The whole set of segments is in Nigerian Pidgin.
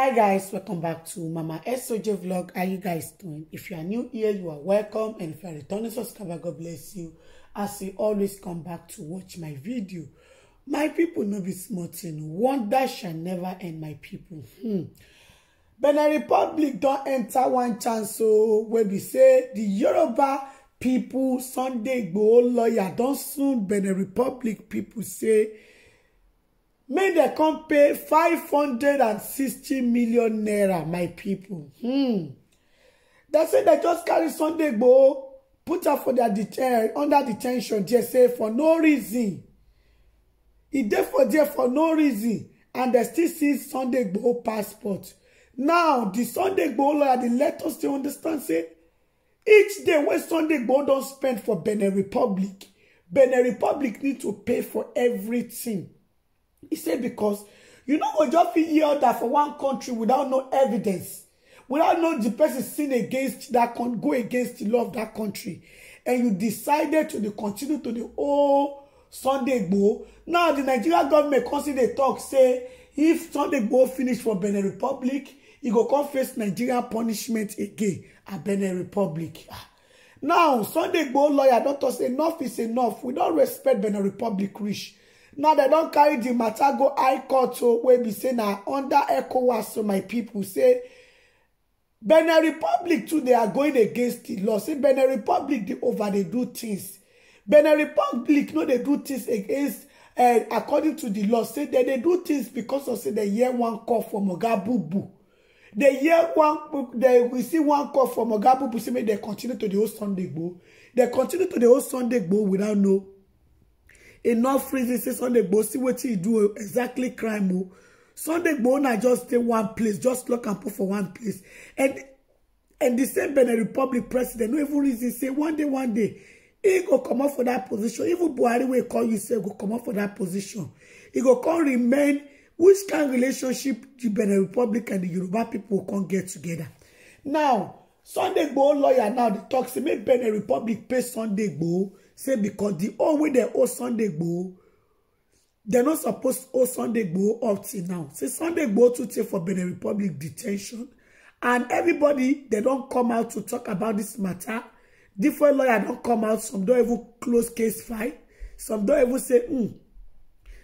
hi guys welcome back to mama soj vlog how you guys doing if you are new here you are welcome and if you are returning subscriber god bless you as you always come back to watch my video my people know be small thing wonder shall never end my people hmm. benin republic don enter one chance Oh, wey we say the yoruba people sunday go lawyer don sue benin republic people say May dem come pay five hundred and sixty million naira my people. hmm dem say dem just carry sunday go put her for their deten under detention dia say for no reason e dey for there for no reason and dem still see sunday go passport now di sunday go lawyer di letter still understand say each day wey sunday go don spend for benin republic benin republic need to pay for everything. He said, because you know we just fit hear that for one country without no evidence, without no the person sin against that can go against the law of that country. And you decided to the continue to the whole Sunday Igboho. Now the Nigerian government consider talk say if Sunday Igboho finish for Benin Republic, he go come face Nigerian punishment again at Benin Republic. Ah. Now Sunday Igboho lawyer don talk say enough is enough. We don respect Benin Republic reach now they don't carry the matter go high court o wey be say now under echo ecowas so my people say benin republic too they are going against the law say benin republic they over they do tins benin republic no they do things against eh, according to the law say dem they do things because of say they hear one call from oga They hear one they we see one call from oga bubu say make dem continue to the whole sunday gboo dem continue to the whole sunday gboo without no enough reason say sunday gboo see wetin e do exactly crime o oh. sunday gboo na just stay one place just lock and put for one place and and the same benin republic president no even reason say one day one day he go come up for that position even buhari wey call you say go come up for that position He go come remain which kind relationship the benin republic and the yoruba people can't get together now sunday gboo lawyer now the tok say make benin republic pay sunday gboo say because the whole wey dem hold sunday gboo dem no suppose hold sunday go up till now say sunday go to take for benin republic detention and everybody they don't come out to talk about this matter. different lawyers don't come out some don't even close case file some don't even say hmm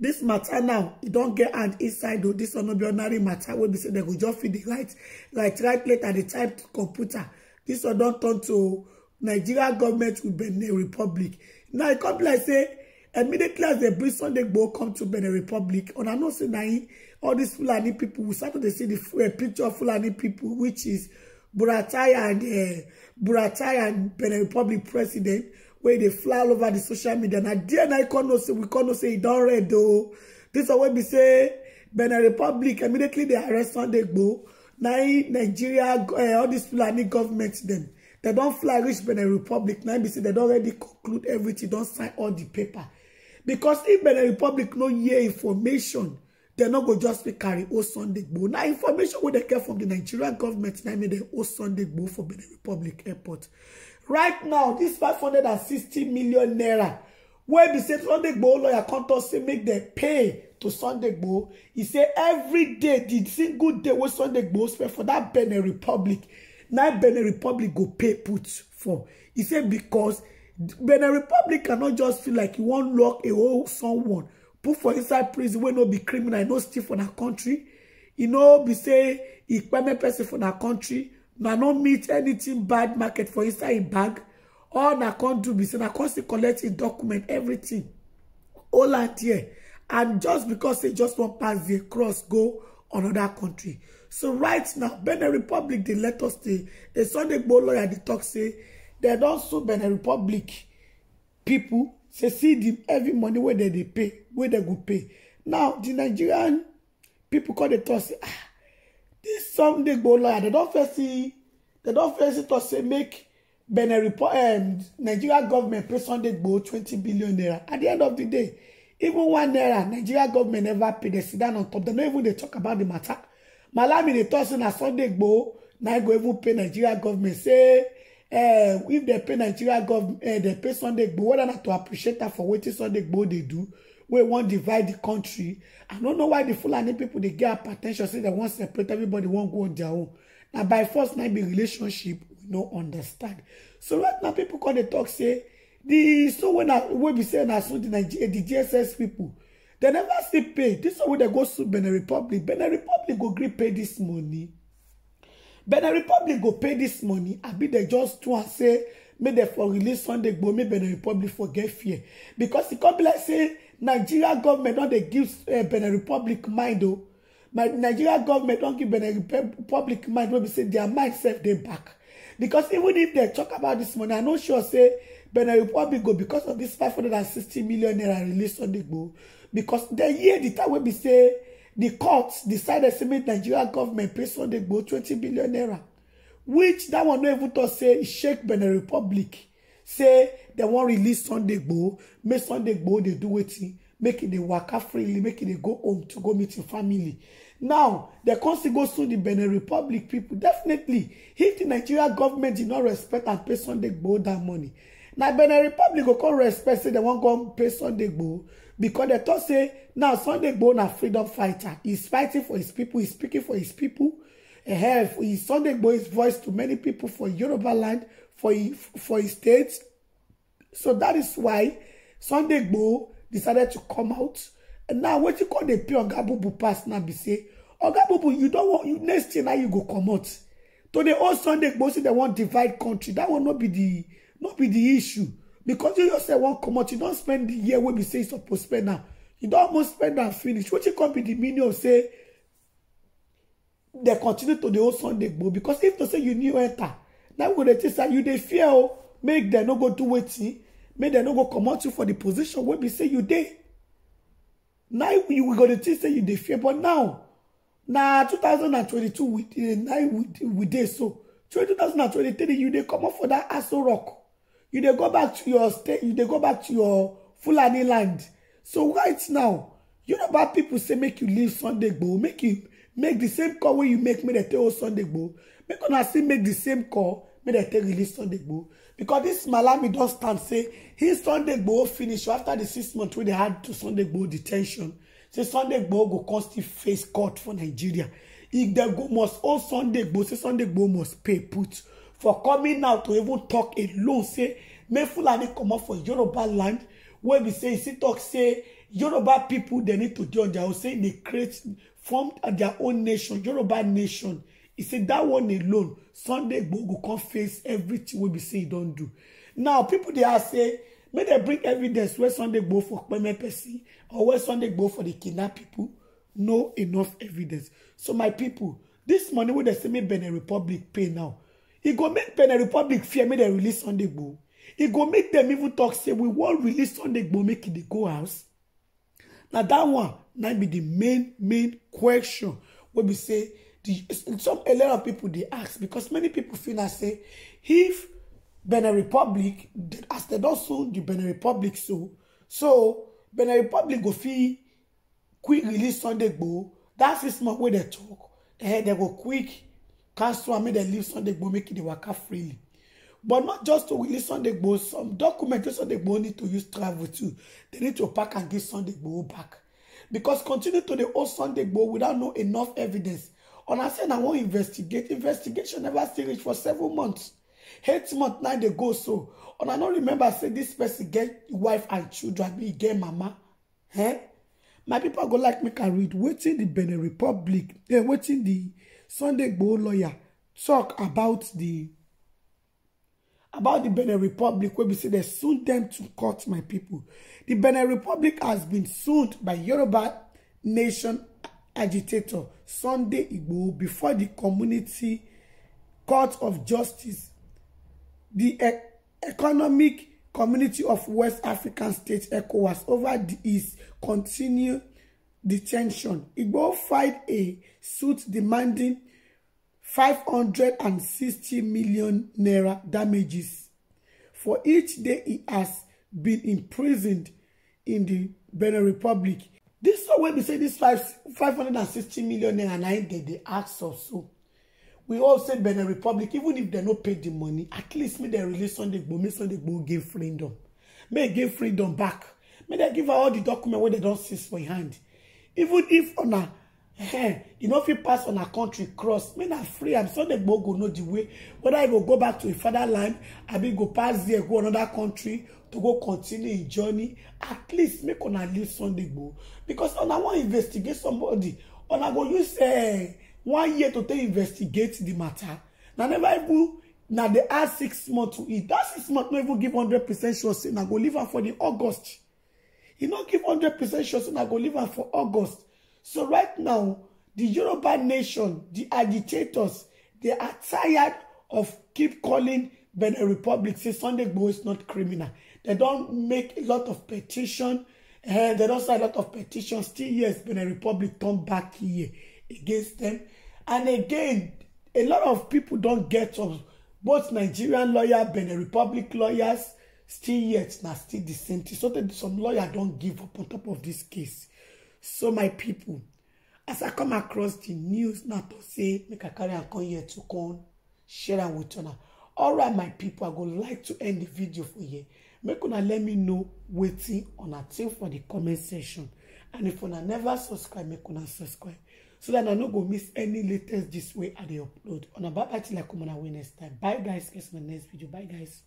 This matter now you don't get hand inside o this one not be ordinary matter. wey be saying they will just fit dey write write write later the type computer This one don't turn to nigeria government with benin republic now e come be like say immediately as they bring sunday go come to benin republic and i know say na all these fulani people. we start to see the eh, picture of fulani people, which is buratai and uh, buratai and benin republic president where they fly all over the social media Now, dear, na there say, we con know say it don red o oh. dis one wey be say benin republic immediately they arrest sunday go na nigeria eh, all these fulani government then. They don't fly reach benin republic now be they don't already conclude everything Don't sign all the paper because if benin republic no hear information dem no go just be carry o sunday gboo na information wey they get from the nigerian government na make the o sunday gboo for benin republic airport right now dis 560 million naira where be say sunday gboo lawyer come talk make dem pay to sunday gboo e say every day the single day wey sunday gboo spend for that benin republic now Benin Republic go pay put for. He said because Benin Republic cannot just feel like you won't lock a whole someone, put for inside prison, will not be criminal, no steal for that country. You know, be say, he permanent person for that country, na not meet anything bad market for inside in bag. All na can't do be say, na can't collect in document, everything. All out here. And just because they just want pass the cross, go another country so right now benin republic they let us stay the sunday gboo lawyer dey talk say they don sue benin republic people say see the every money where they dey pay where they go pay now the nigerian people call the talk say ah this sunday gboo lawyer dem don first see dem don first see talk say make benin republic um, nigeria government pay sunday gboo 20 billion naira at the end of the day even one naira nigeria government never pay the sit on top They no even they talk about the matter malami they talk say na sunday gboo na go even pay nigeria government say eh if they pay nigeria government eh dem pay sunday What whether na to appreciate that for wetin sunday gboo they do We wan divide di country i don't know why the fulani people they get hypertension say they wan separate everybody wan go on their own Now by force might be relationship we no understand so right now people call the talk say the so when I will be saying I saw the Nigeria the GSS people. They never still pay. This one they go to Benin Republic. Benin Republic go agree pay this money. Benin Republic go pay this money. I be they just to and say may they for release Sunday go make Benin Republic forget fear. Because the come like say Nigeria government not they give uh, Benin Republic mind o. Oh. My Nigeria government don't give Benin Republic mind wey be say their mind sef dey back. Because even if they talk about this money, I no sure say Benin Republic go because of this 560 million naira release on the go. Because the year the time when we say the courts decided to make Nigeria government pay on the go 20 billion naira. Which that one not even to say shake Benin Republic. Say they won't release Sunday go, make Sunday go they do waiting, make it they out freely, make it e they go home to go meet your family. Now, the country goes to the Benin Republic people. Definitely, if the Nigeria government did not respect and pay Sunday go that money, na benin republic go come respect say dem wan go pay sunday gboo because they thought say now sunday gboo na freedom fighter he's fighting for his people he's speaking for his people He his sunday gboo his voice to many people for yoruba land for for his state so that is why sunday gboo decided to come out and now what you call the pure bubu pass now be say oga bubu you don't want you next year now you go comot to dey hold sunday gboo see they wan divide country that will not be the not be the issue because you yourself come out. you don't spend the year wey we say you supposed to spend now. you don't almost spend and finish you come be the meaning of say they continue to the hold sunday gboo because if they say you new enter now we go dey think say you they fear o oh, make dem no go do wetin make dem no go come out you for the position where we say you dey Now you go dey think say you they fear but now na 2022 we now we we dey so 2023 you they come comot for that asshole rock you dey go back to your state you dey go back to your fulani land so right now yoruba people say make you leave sunday gboo make you make the same call wey you make make dem take hold sunday gboo make una still make the same call make dem take release sunday gboo because this malami don stand say his sunday gboo finish after the six months wey dem add to sunday gboo detention say sunday gboo go come still face court for nigeria if dem go must hold sunday gboo say sunday gboo must pay put for coming out to even talk alone say make fulani comot for yoruba land wey be say e still talk say yoruba people dem need to join their own say dey create form their own nation yoruba nation e say that one alone sunday go come face everything wey be say e don do now people dey ask say make dem bring evidence wey sunday go for kpeme pesin or wey sunday go for di kidnap people no enough evidence so my people, this money wey dem say make benin republic pay now e go make benin republic fear me. They release sunday go. e go make them even talk say we won't release sunday go. make e dey go house Now that one now be the main main question wey we say some a lot of pipo dey ask because many people feel now say if benin republic as dem don sue di benin republic so so benin republic go fit quick release sunday go. That's six months way they talk. eh They go quick cancel and make dem leave sunday go make e work waka freely but not just to release sunday go some documents, sunday go need to use travel too they need to pack and give sunday go back because continue to the old sunday go without no enough evidence I said I wan investigate investigation never still for several months eight months nine they go so I no remember say this person get wife and children e get mama eh my people go like make i read Waiting the benin republic eh, waiting the. Sunday Igboho lawyer talk about the about the Benin Republic where we say they sued them to court my people. The Benin Republic has been sued by Yoruba Nation agitator Sunday Igbo before the Community Court of Justice, the e Economic Community of West African States ECOWAS over the, East continue detention. Igbo filed a suit demanding 560 million naira damages for each day he has been imprisoned in the Benin Republic. This is wey we say this five, 560 million naira na im They ask us so. We all say Benin Republic even if they no pay the money at least make they release on Sunday Igboho on Sunday Igboho give freedom. May give freedom back. May they give her all the document where they don't seize for im hand even if on a eh you no fit pass on a country cross make na free I'm so dey go know the way whether I will go back to e fatherland be go pass there go another country to go continue e journey at least make on a leave sunday go because on una wan investigate somebody On una go use eh one year to take investigate the matter Now never even Now they add six months to it That six months no even give 100 percent sure say na go leave her for the august He not give hundred percent sure say na go leave for august so right now the yoruba nation the agitators they are tired of keep calling benin republic say sunday Igboho is not criminal They don't make a lot of petition and eh, dem don sign a lot of petitions still yes benin republic turn back here against them. and again a lot of people don't get up both nigerian lawyers benin republic lawyers still yet na still the same thing so some lawyer don't give up on top of this case so my people, as i come across the news na to say make i carry am come here to come share and with una alright my people, i go like to end the video for here make una let me know waiting on a think for the comment section and if una never subscribe make una subscribe so that i no go miss any latest this way at the upload una bye bye till i come on wednesday bye guys catch my next video bye guys